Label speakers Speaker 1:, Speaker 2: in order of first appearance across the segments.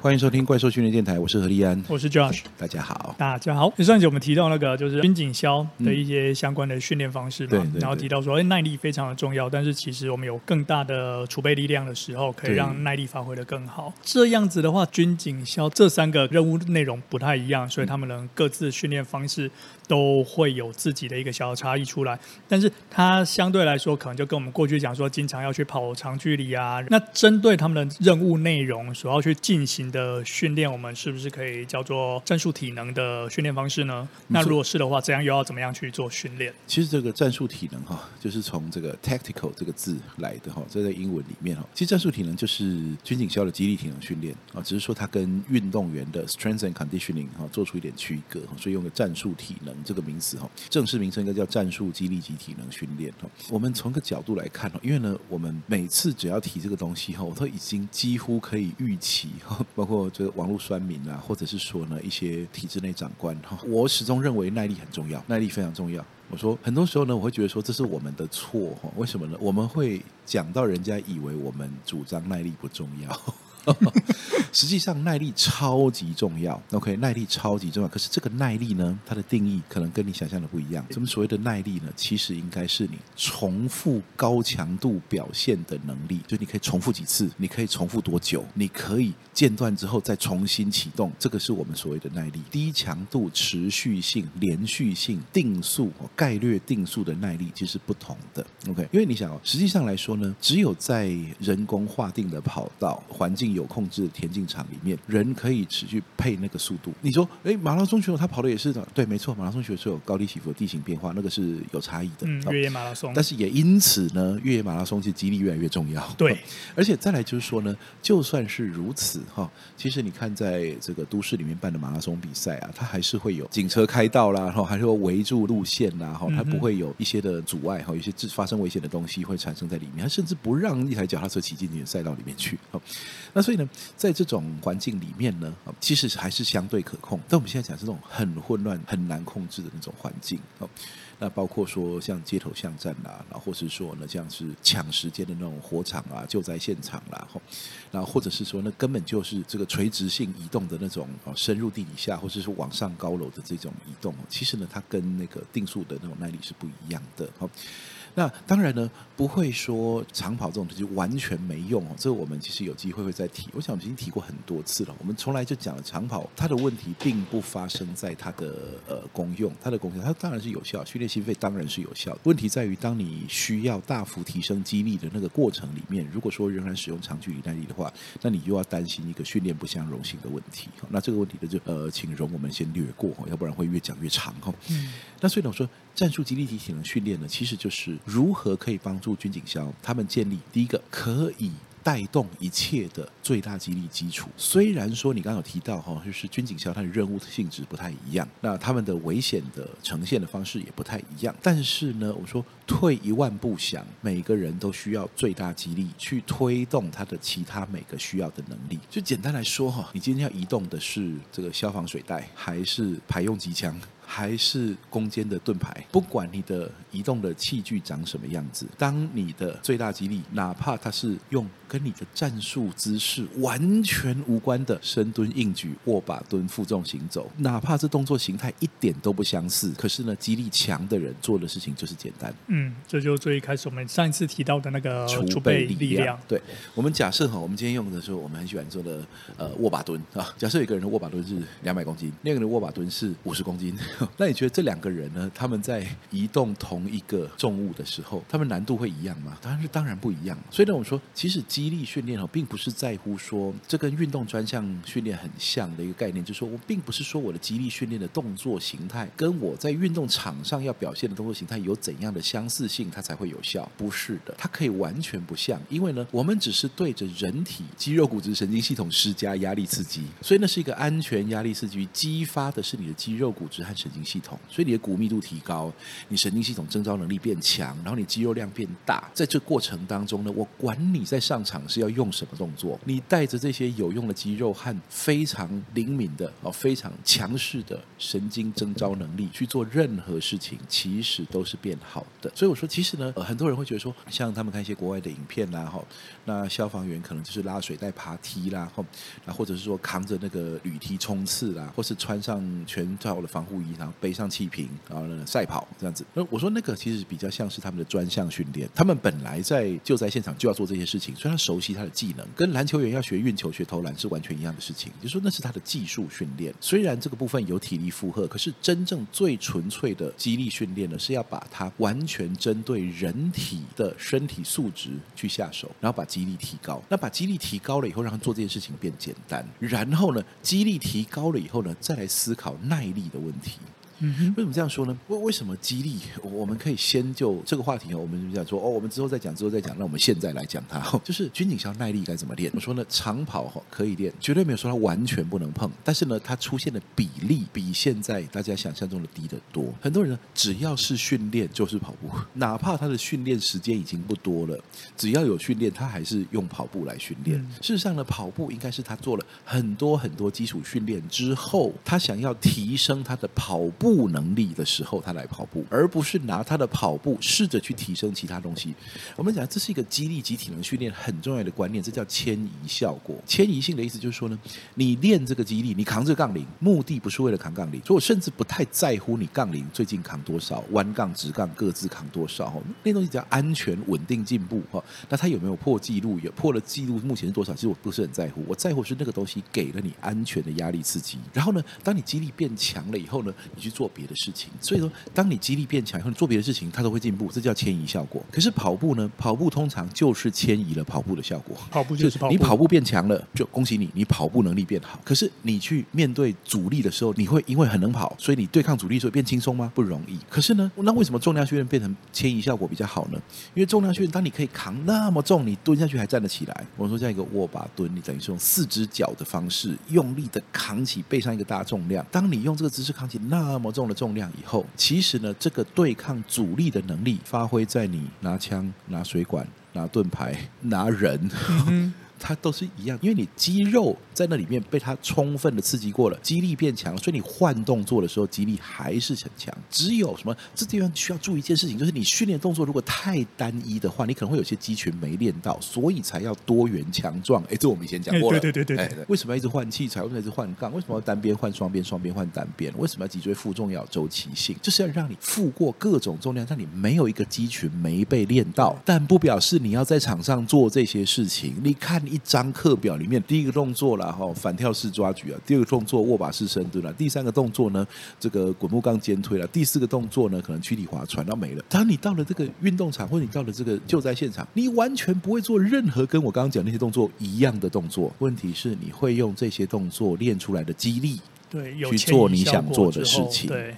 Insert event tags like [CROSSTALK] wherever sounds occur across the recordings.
Speaker 1: 歡迎收聽怪獸訓練電台，我是何立安，我是 Josh，大家好，
Speaker 2: 大家好。上一集我們提到那個就是軍警消的一些、嗯、相關的訓練方式嘛，對對對，然後提到說哎耐力非常的重要，但是其實我們有更大的儲備力量的時候，可以讓耐力發揮的更好。對這樣子的話，軍警消這三個任務內容不太一樣，所以他們能各自訓練方式都會有自己的一個小差異出來。但是它相對來說，可能就跟我們過去講說，經常要去跑長距離啊，那針對他們的任務內容所要去進行的訓練，我們是不是可以叫做戰術體能的訓練方式呢？沒錯。那如果是的話，這樣又要怎麼樣去做訓練？
Speaker 1: 其實這個戰術體能哈，就是從這個 tactical 這個字來的哈。這在英文裡面哈，其實戰術體能就是軍警消的肌力體能訓練啊，只是說它跟運動員的 strength and conditioning 哈做出一點區隔，所以用個戰術體能這個名詞哈。正式名稱應該叫戰術肌力及體能訓練哈。我們從一個角度來看哈，因為呢，我們每次只要提這個東西哈，我都已經幾乎可以預期哈。包括這個網絡酸民啊，或者是說呢，一些體制內長官哈，我始終認為耐力很重要，耐力非常重要。我說很多時候呢，我會覺得說這是我們的錯哈，為什麼呢？我們會講到人家以為我們主張耐力不重要，實際上耐力超級重要。OK，耐力超級重要。可是這個耐力呢，它的定義可能跟你想象的不一樣。什麼所謂的耐力呢？其實應該是你重複高強度表現的能力，就你可以重複幾次，你可以重複多久，你可以。間斷之後再重新啟動，這個是我們所謂的耐力，低強度、持續性、連續性、定速、概略定速的耐力，其實不同的。OK，因為你想、哦，實際上來說呢，只有在人工劃定的跑道、環境有控制的田徑場裡面，人可以持續配那個速度。你說，誒馬拉松選手他跑的也是的，對，沒錯。馬拉松選手有高低起伏的地形變化，那個是有差異的。越野、嗯、馬拉松，但是也因此呢，越野馬拉松其實肌力越來越重要。對，而且再來就是說呢，就算是如此。哈，其實你看，在這個都市裡面辦的馬拉松比賽啊，它還是會有警車開道啦，然後還是會圍住路線啦，哈，它不會有一些的阻礙哈，有些發生危險的東西會產生在裡面，它甚至不讓一台腳踏車騎進你的賽道裡面去。那所以呢，在這種環境裡面呢，其實還是相對可控。但我們現在講這種很混亂、很難控制的那種環境。那包括說像街頭巷戰啦、啊，然後或是說呢，像是搶時間的那種火場啊、救災現場啦、啊，然後或者是說那根本就就是這個垂直性移動的那種，深入地底下或者是說往上高樓的這種移動，其實呢，它跟那個定速的那種耐力是不一樣的，那當然呢，不會說長跑這種東西完全沒用哦。這個、我們其實有機會會再提。我想我們已經提過很多次了。我們從來就講了長跑，它的問題並不發生在它的呃功用，它的功用，它當然是有效，訓練心肺當然是有效。問題在於，當你需要大幅提升肌力的那個過程裡面，如果說仍然使用長距離耐力的話，那你又要擔心一個訓練不相容性的問題。那這個問題呢就呃請容，我們先略過，要不然會越講越長哈。嗯、那所以呢我說，戰術肌力體體能訓練呢，其實就是。如何可以幫助軍警消他們建立第一個可以帶動一切的最大肌力基礎？雖然說你剛剛有提到哈，就是軍警消他的任務的性質不太一樣，那他們的危險的呈現的方式也不太一樣。但是呢，我說退一萬步想，每個人都需要最大肌力去推動他的其他每個需要的能力。就簡單來說哈，你今天要移動的是這個消防水帶，還是排用機槍？還是攻堅的盾牌，不管你的移動的器具長什麼樣子，當你的最大肌力，哪怕它是用跟你的戰術姿勢完全無關的深蹲、硬舉、握把蹲、負重行走，哪怕這動作形態一點都不相似，可是呢，肌力強的人做的事情就是簡單。
Speaker 2: 嗯，這就是最一開始我們上一次提到的那個儲備力量。力量
Speaker 1: 對，我們假設哈，我們今天用的是我們很喜歡做的呃握把蹲啊。假設有一個人的握把蹲是兩百公斤，那個人的握把蹲是五十公斤。那你覺得這兩個人呢，他們在移動同一個重物的時候，他們難度會一樣嗎？當然是，當然不一樣。所以呢，我們說其實肌力訓練哦，並不是在乎說，這跟運動專項訓練很像的一個概念，就是說我並不是說我的肌力訓練的動作形態跟我在運動場上要表現的動作形態有怎樣的相似性，它才會有效。不是的，它可以完全不像。因為呢，我們只是對着人體肌肉、骨質、神經系統施加壓力刺激，所以那是一個安全壓力刺激，激發的是你的肌肉、骨質和神經系統。神經系統，所以你的骨密度提高，你神經系統徵召能力變強，然後你肌肉量變大。在這過程當中呢，我管你在上場是要用什麼動作，你帶着這些有用的肌肉和非常靈敏的哦，非常強勢的神經徵召能力去做任何事情，其實都是變好的。所以我說，其實呢，很多人會覺得說，像他們看一些國外的影片啦，哈，那消防員可能就是拉水帶爬梯啦，或者是說扛着那個雨梯衝刺啦，或是穿上全套的防護衣，然後背上氣瓶，然後呢，賽跑這樣子。那我說那個其實比較像是他們的專項訓練。他們本來在救災現場就要做這些事情，所以他熟悉他的技能。跟籃球員要學運球、學投籃是完全一樣的事情。就是說那是他的技術訓練。雖然這個部分有體力負荷，可是真正最純粹的肌力訓練呢，是要把它完全針對人體的身體素質去下手，然後把肌力提高。那把肌力提高了以後，讓他做這件事情變簡單。然後呢，肌力提高了以後呢，再來思考耐力的問題。嗯、哼，為什麼這樣說呢？為為什麼激勵？我們可以先就這個話題啊，我們想說哦，我們之後再講，之後再講，那我們現在來講它。就是軍警消耐力該怎麼練？我說呢，長跑可以練，絕對沒有說它完全不能碰。但是呢，它出現的比例比現在大家想象中的低得多。很多人只要是訓練就是跑步，哪怕他的訓練時間已經不多了，只要有訓練，他還是用跑步來訓練。嗯、事實上呢，跑步應該是他做了很多很多基礎訓練之後，他想要提升他的跑步。不能力的時候，他來跑步，而不是拿他的跑步試着去提升其他東西。我們講這是一個肌力及體能訓練很重要的觀念，這叫遷移效果。遷移性的意思就是說呢，你練這個肌力，你扛這個槓鈴，目的不是為了扛槓鈴，所以我甚至不太在乎你槓鈴最近扛多少，彎槓、直槓各自扛多少。那東西叫安全、穩定、進步哈，那他有沒有破記錄？有破了記錄，目前是多少？其實我不是很在乎，我在乎是那個東西給了你安全的壓力刺激。然後呢，當你肌力變強了以後呢，你去。做別的事情，所以說，當你肌力變強，以後，你做別的事情，它都會進步，這叫遷移效果。可是跑步呢？跑步通常就是遷移了跑步的效果。跑步,就是,跑步就是你跑步變強了，就恭喜你，你跑步能力變好。可是你去面對阻力的時候，你會因為很能跑，所以你對抗阻力所以變輕鬆嗎？不容易。可是呢，那為什麼重量訓練變成遷移效果比較好呢？因為重量訓練，當你可以扛那麼重，你蹲下去還站得起來。我們說這樣一個握把蹲，你等於是用四只腳的方式用力的扛起背上一個大重量。當你用這個姿勢扛起那麼，重了重量以後，其實呢，這個對抗阻力的能力，發揮在你拿槍、拿水管、拿盾牌、拿人。嗯哼。它都是一樣，因為你肌肉在那裡面被它充分的刺激過了，肌力變強，所以你換動作的時候肌力還是很強。只有什麼這地方需要注意一件事情，就是你訓練動作如果太單一的話，你可能會有些肌群沒練到，所以才要多元強壯。哎、欸，這我們以前講過了，欸、對，對對對對。哎、欸，為什麼要一直換器材，為什麼要一直換槓，為什麼要單邊換雙邊，雙邊換單邊，為什麼要脊椎負重要周期性，就是要讓你負過各種重量，讓你沒有一個肌群沒被練到。但不表示你要在場上做這些事情，你看。一張課表裡面，第一個動作了哈，反跳式抓舉啊；第二個動作握把式深蹲啊，第三個動作呢，這個滾木槓肩推了；第四個動作呢，可能屈體划船都沒了。當你到了這個運動場，或者你到了這個救災現場，你完全不會做任何跟我剛剛講那些動作一樣的動作。問題是，你會用這些動作練出來的肌力。
Speaker 2: 對，有效對去做你想做的事情。
Speaker 1: 對，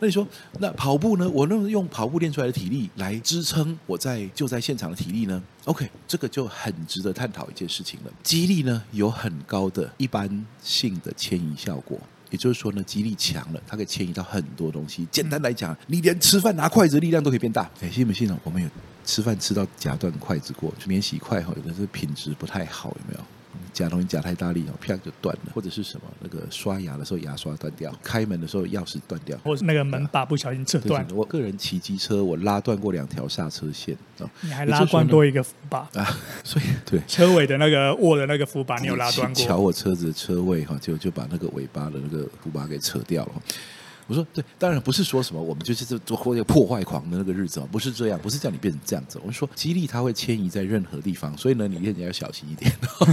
Speaker 1: 那你說，那跑步呢？我能不能用跑步練出來的體力來支撐我在救災現場的體力呢？OK，這個就很值得探討一件事情了。肌力呢，有很高的一般性的遷移效果，也就是說呢，肌力強了，它可以遷移到很多東西。簡單來講，你連吃飯拿筷子的力量都可以變大誒。信不信呢？我們有吃飯吃到夾斷筷子過，去，免洗筷子，有的是品質不太好，有沒有？夾東西夾太大力哦，啪就斷了，或者是什麼那個刷牙的時候牙刷斷掉，開門的時候鑰匙斷掉，或
Speaker 2: 者那個門把不小
Speaker 1: 心扯斷，啊就是。我個人騎機車，我拉斷過兩條剎車線哦。你還拉斷多一個
Speaker 2: 扶把啊？所以對，車尾的那個握的那個扶把，你有拉斷過？你瞧
Speaker 1: 我車子的車位哈，就、啊、就把那個尾巴的那個扶把給扯掉了。我說對，當然不是說什麼我們就是做做破壞狂的那個日子哦。不是這樣，不是叫你變成這樣子。我們說肌力它會遷移在任何地方，所以呢，你練也要小心一點，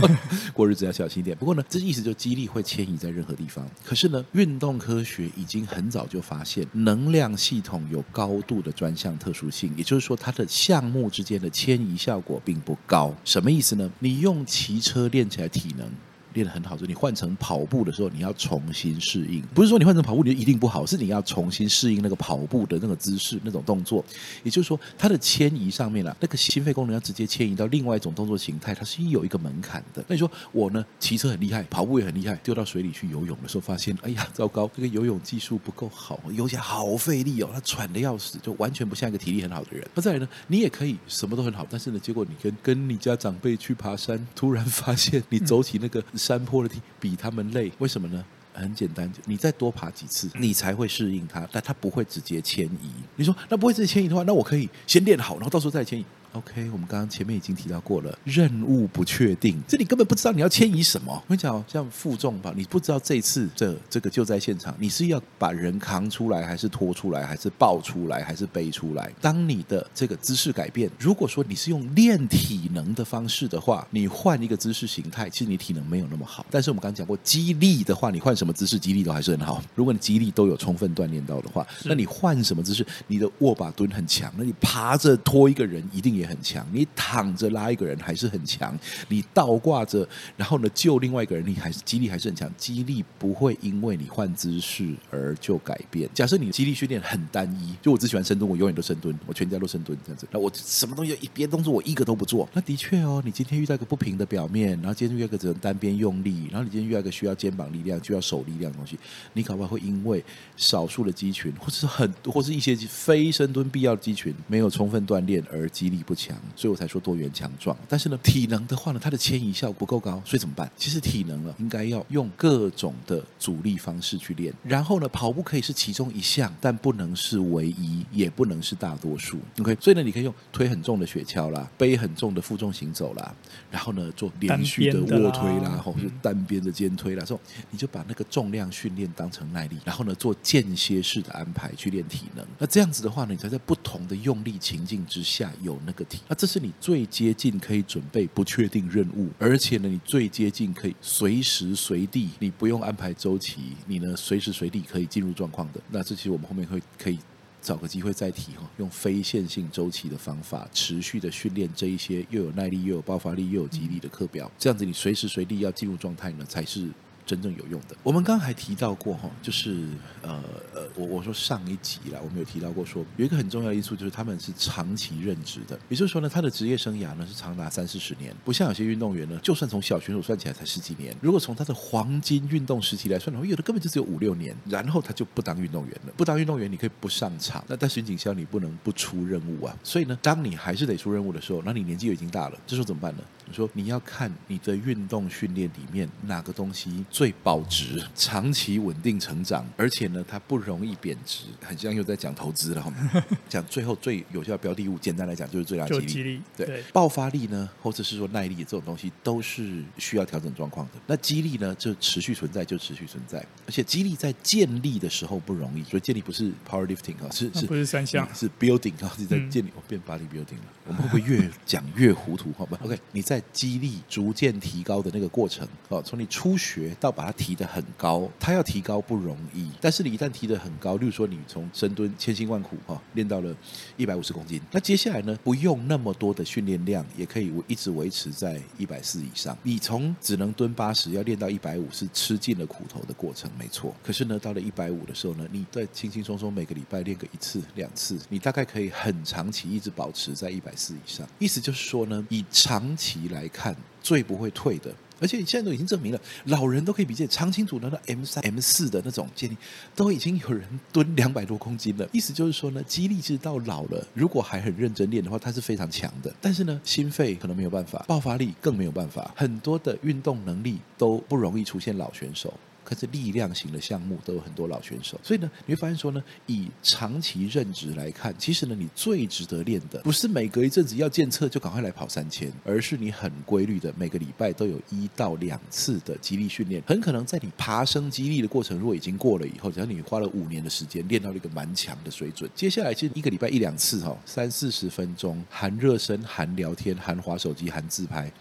Speaker 1: [LAUGHS] 過日子要小心一點。不過呢，這意思就是肌力會遷移在任何地方。可是呢，運動科學已經很早就發現能量系統有高度的專項特殊性，也就是說，它的項目之間的遷移效果並不高。什麼意思呢？你用騎車練起來體能。練得很好，就是你換成跑步的時候，你要重新適應。不是說你換成跑步你就一定不好，是你要重新適應那個跑步的那個姿勢、那種動作。也就是說，它的遷移上面了、啊，那個心肺功能要直接遷移到另外一種動作形態，它是有一個門檻的。那你說我呢？騎車很厲害，跑步也很厲害，丟到水裡去游泳的時候，發現哎呀，糟糕，這、那個游泳技術不夠好，游起來好費力哦，他喘得要死，就完全不像一個體力很好的人。那再來呢？你也可以什麼都很好，但是呢，結果你跟跟你家長輩去爬山，突然發現你走起那個。山坡的梯比他們累，為什麼呢？很簡單，你再多爬幾次，你才會適應它。但它不會直接遷移。你說那不會直接遷移的話，那我可以先練好，然後到時候再遷移。OK，我們剛剛前面已經提到過了，任務不確定，這你根本不知道你要遷移什麼。我跟你講哦，像負重吧，你不知道這次這這個救災現場，你是要把人扛出來，還是拖出來，還是抱出來，還是背出來？當你的這個姿勢改變，如果說你是用練體能的方式的話，你換一個姿勢形態，其實你體能沒有那麼好。但是我們剛剛講過，肌力的話，你換什麼姿勢，肌力都還是很好。如果你肌力都有充分鍛鍊到的話，那你換什麼姿勢，你的握把蹲很強，那你爬着拖一個人一定，也很強。你躺着拉一個人還是很強。你倒掛着，然後呢救另外一個人，你還是肌力還是很強。肌力不會因為你換姿勢而就改變。假設你的肌力訓練很單一，就我只喜歡深蹲，我永遠都深蹲，我全家都深蹲這樣子。那我什麼東西一邊動作我一個都不做，那的確哦，你今天遇到一個不平的表面，然後今天遇到一個只能單邊用力，然後你今天遇到一個需要肩膀力量、需要手力量的東西，你搞不好會因為少數的肌群，或者是很或是一些非深蹲必要的肌群沒有充分鍛鍊而肌力不強，所以我才說多元強壯。但是呢，體能的話呢，它的遷移效果不夠高，所以怎麼辦？其實體能呢，應該要用各種的阻力方式去練。然後呢，跑步可以是其中一項，但不能是唯一，也不能是大多數。OK，所以呢，你可以用推很重的雪橇啦，背很重的負重行走啦，然後呢，做連續的臥推啦，啊、或是單邊的肩推啦，說你就把那個重量訓練當成耐力，然後呢，做間歇式的安排去練體能。那這樣子的話呢，你才在不同的用力情境之下有那個。那這是你最接近可以準備不確定任務，而且呢，你最接近可以隨時隨地，你不用安排週期，你呢隨時隨地可以進入狀況的。那這些我們後面會可以找個機會再提哈，用非線性週期的方法持續的訓練這一些又有耐力又有爆發力又有肌力的課表，這樣子你隨時隨地要進入狀態呢，才是。真正有用的，我們剛才還提到過哈，就是呃呃，我我說上一集啦，我們有提到過說，說有一個很重要的因素，就是他們是長期任職的，也就是說呢，他的職業生涯呢是長達三四十年，不像有些運動員呢，就算從小選手算起來才十幾年，如果從他的黃金運動時期來算的話，有的根本就只有五六年，然後他就不當運動員了，不當運動員你可以不上場，那但是警消你不能不出任務啊，所以呢，當你還是得出任務的時候，那你年紀又已經大了，這時候怎麼辦呢？你說你要看你的運動訓練裡面哪個東西。最保值，長期穩定成長，而且呢，它不容易貶值。很像又在講投資了， [LAUGHS] 講最後最有效的標的物。簡單來講，就是最大的肌力。肌力對，對爆發力呢，或者是說耐力這種東西，都是需要調整狀況的。那肌力呢，就持續存在，就持續存在。而且肌力在建立的時候不容易，所以建立不是 power lifting 啊，是是不是三項是，是 building 啊，嗯？是在建立變 body building 了。 [LAUGHS] 我們會不會越講越糊塗？好吧？OK，你在肌力逐漸提高的那個過程哦，從你初學到把它提得很高，它要提高不容易。但是你一旦提得很高，例如說你從深蹲千辛萬苦哈練到了一百五十公斤，那接下來呢，不用那麼多的訓練量，也可以維一直維持在一百四以上。你從只能蹲八十，要練到一百五是吃盡了苦頭的過程，沒錯。可是呢，到了一百五的時候呢，你再輕輕鬆鬆每個禮拜練個一次兩次，你大概可以很長期一直保持在一百四以上。意思就是說呢，以長期來看，最不會退的。而且你現在都已經證明了，老人都可以比肩長青組，的那 M 三、M 四的那種接力，都已經有人蹲兩百多公斤了。意思就是說呢，肌力至到老了，如果還很認真練的話，它是非常強的。但是呢，心肺可能沒有辦法，爆發力更沒有辦法，很多的運動能力都不容易出現老選手。可是力量型的項目都有很多老選手，所以呢，你會發現說呢，以長期任職來看，其實呢，你最值得練的不是每隔一陣子要檢測就趕快來跑三千，而是你很規律的每個禮拜都有一到兩次的肌力訓練。很可能在你爬升肌力的過程，如果已經過了以後，只要你花了五年的時間練到了一個蠻強的水準，接下來其實一個禮拜一兩次哈、哦，三四十分鐘含熱身、含聊天、含滑手機、含自拍。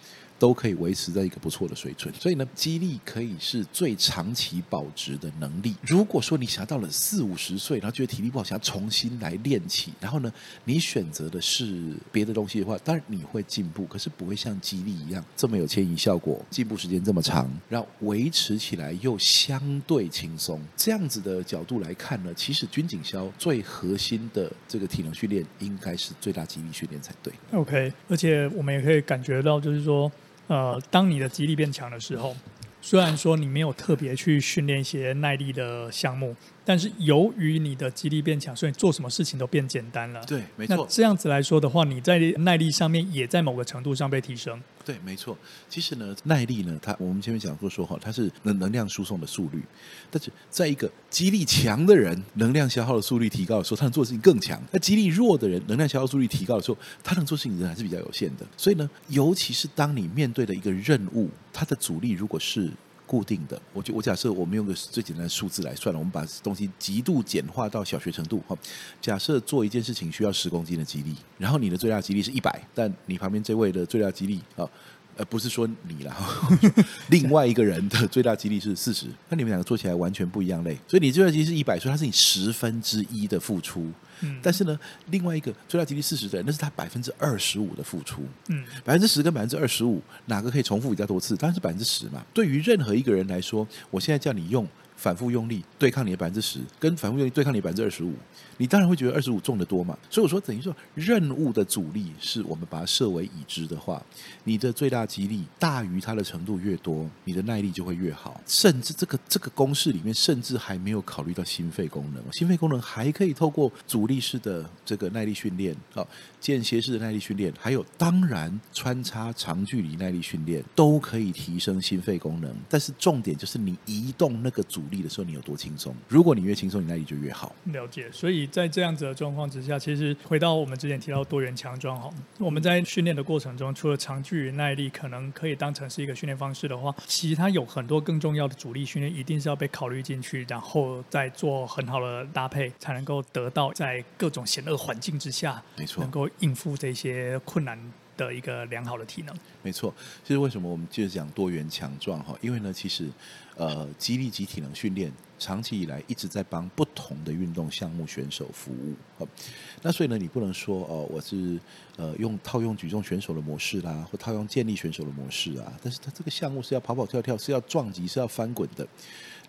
Speaker 1: 都可以維持在一個不錯的水準，所以呢，肌力可以是最長期保值的能力。如果說你想要到了四五十歲，然後覺得體力不好，想要重新來練起，然後呢，你選擇的是別的東西的話，當然你會進步，可是不會像肌力一樣這麼有遷移效果，進步時間這麼長，然後維持起來又相對輕鬆。這樣子的角度來看呢，其實軍警消最核心的這個體能訓練應該是最大肌力訓練才對。
Speaker 2: OK，而且我們也可以感覺到，就是說。呃，當你的肌力變強的時候，雖然說你沒有特別去訓練一些耐力的項目。但是由於你的肌力變強，所以做什麼事情都變簡單了。對，沒錯。那這樣子來說的話，你在耐力上面也在某個程度
Speaker 1: 上被提升。對，沒錯。其實呢，耐力呢，它我們前面講過說哈，它是能能量輸送的速率。但是，在一個肌力強的人，能量消耗的速率提高的時候，他能做的事情更強。那肌力弱的人，能量消耗速率提高的時候，他能做的事情人還是比較有限的。所以呢，尤其是當你面對的一個任務，它的阻力如果是，固定的，我就我假設我們用個最簡單的數字來算了，我們把東西極度簡化到小學程度哈。假設做一件事情需要十公斤的肌力，然後你的最大肌力是一百，但你旁邊這位的最大肌力啊，呃，不是說你了，另外一個人的最大肌力是四十，那你們兩個做起來完全不一樣嘞。所以你最大肌力是一百，所以它是你十分之一的付出。但是呢，另外一個最大肌力四十的人，那是他百分之二十五的付出。嗯，百分之十跟百分之二十五，哪個可以重複比較多次？當然是百分之十嘛。對於任何一個人來說，我現在叫你用。反覆用力對抗你的百分之十，跟反覆用力對抗你百分之二十五，你當然會覺得二十五重得多嘛。所以我說，等於說任務的阻力是我們把它設為已知的話，你的最大肌力大於它的程度越多，你的耐力就會越好。甚至這個這個公式裡面，甚至還沒有考慮到心肺功能。心肺功能還可以透過阻力式的這個耐力訓練啊，間歇式的耐力訓練，還有當然穿插長距離耐力訓練都可以提升心肺功能。但是重點就是你移動那個阻。力的時候你有多輕鬆？如果你越輕鬆，你耐力就越好。
Speaker 2: 了解。所以在這樣子的狀況之下，其實回到我們之前提到多元強壯，好，我們在訓練的過程中，除了長距離耐力可能可以當成是一個訓練方式的話，其他有很多更重要的阻力訓練，一定是要被考慮進去，然後再做很好的搭配，才能夠得到在各種險惡環境之下，沒錯，能夠應付這些困難。的一個良好的體能，
Speaker 1: 沒錯，這是為什麼我們就是講多元強壯哈，因為呢，其實呃，肌力及體能訓練長期以來一直在幫不同的運動項目選手服務，那所以呢，你不能說哦，我是呃用套用舉重選手的模式啦，或套用健力選手的模式啊，但是他這個項目是要跑跑跳跳，是要撞擊，是要翻滾的。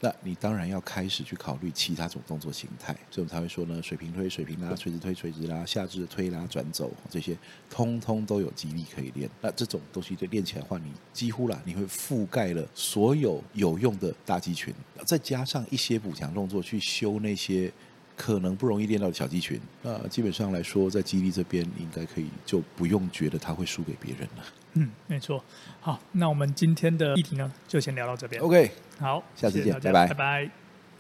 Speaker 1: 那你當然要開始去考慮其他種動作形態，所以我們才會說呢，水平推、水平拉、垂直推、垂直拉、下肢推拉轉走這些，通通都有肌力可以練。那這種東西，就練起來的話，你幾乎啦，你會覆蓋了所有有用的大肌群，再加上一些補強動作去修那些。可能不容易練到的小肌群，那基本上來說，在基地這邊應該可以，就不用覺得他會輸給別人了。
Speaker 2: 嗯，沒錯。好，那我們今天的議題呢，就先聊到這邊。OK，好，
Speaker 1: 下次見，拜拜，拜拜。
Speaker 2: 拜拜。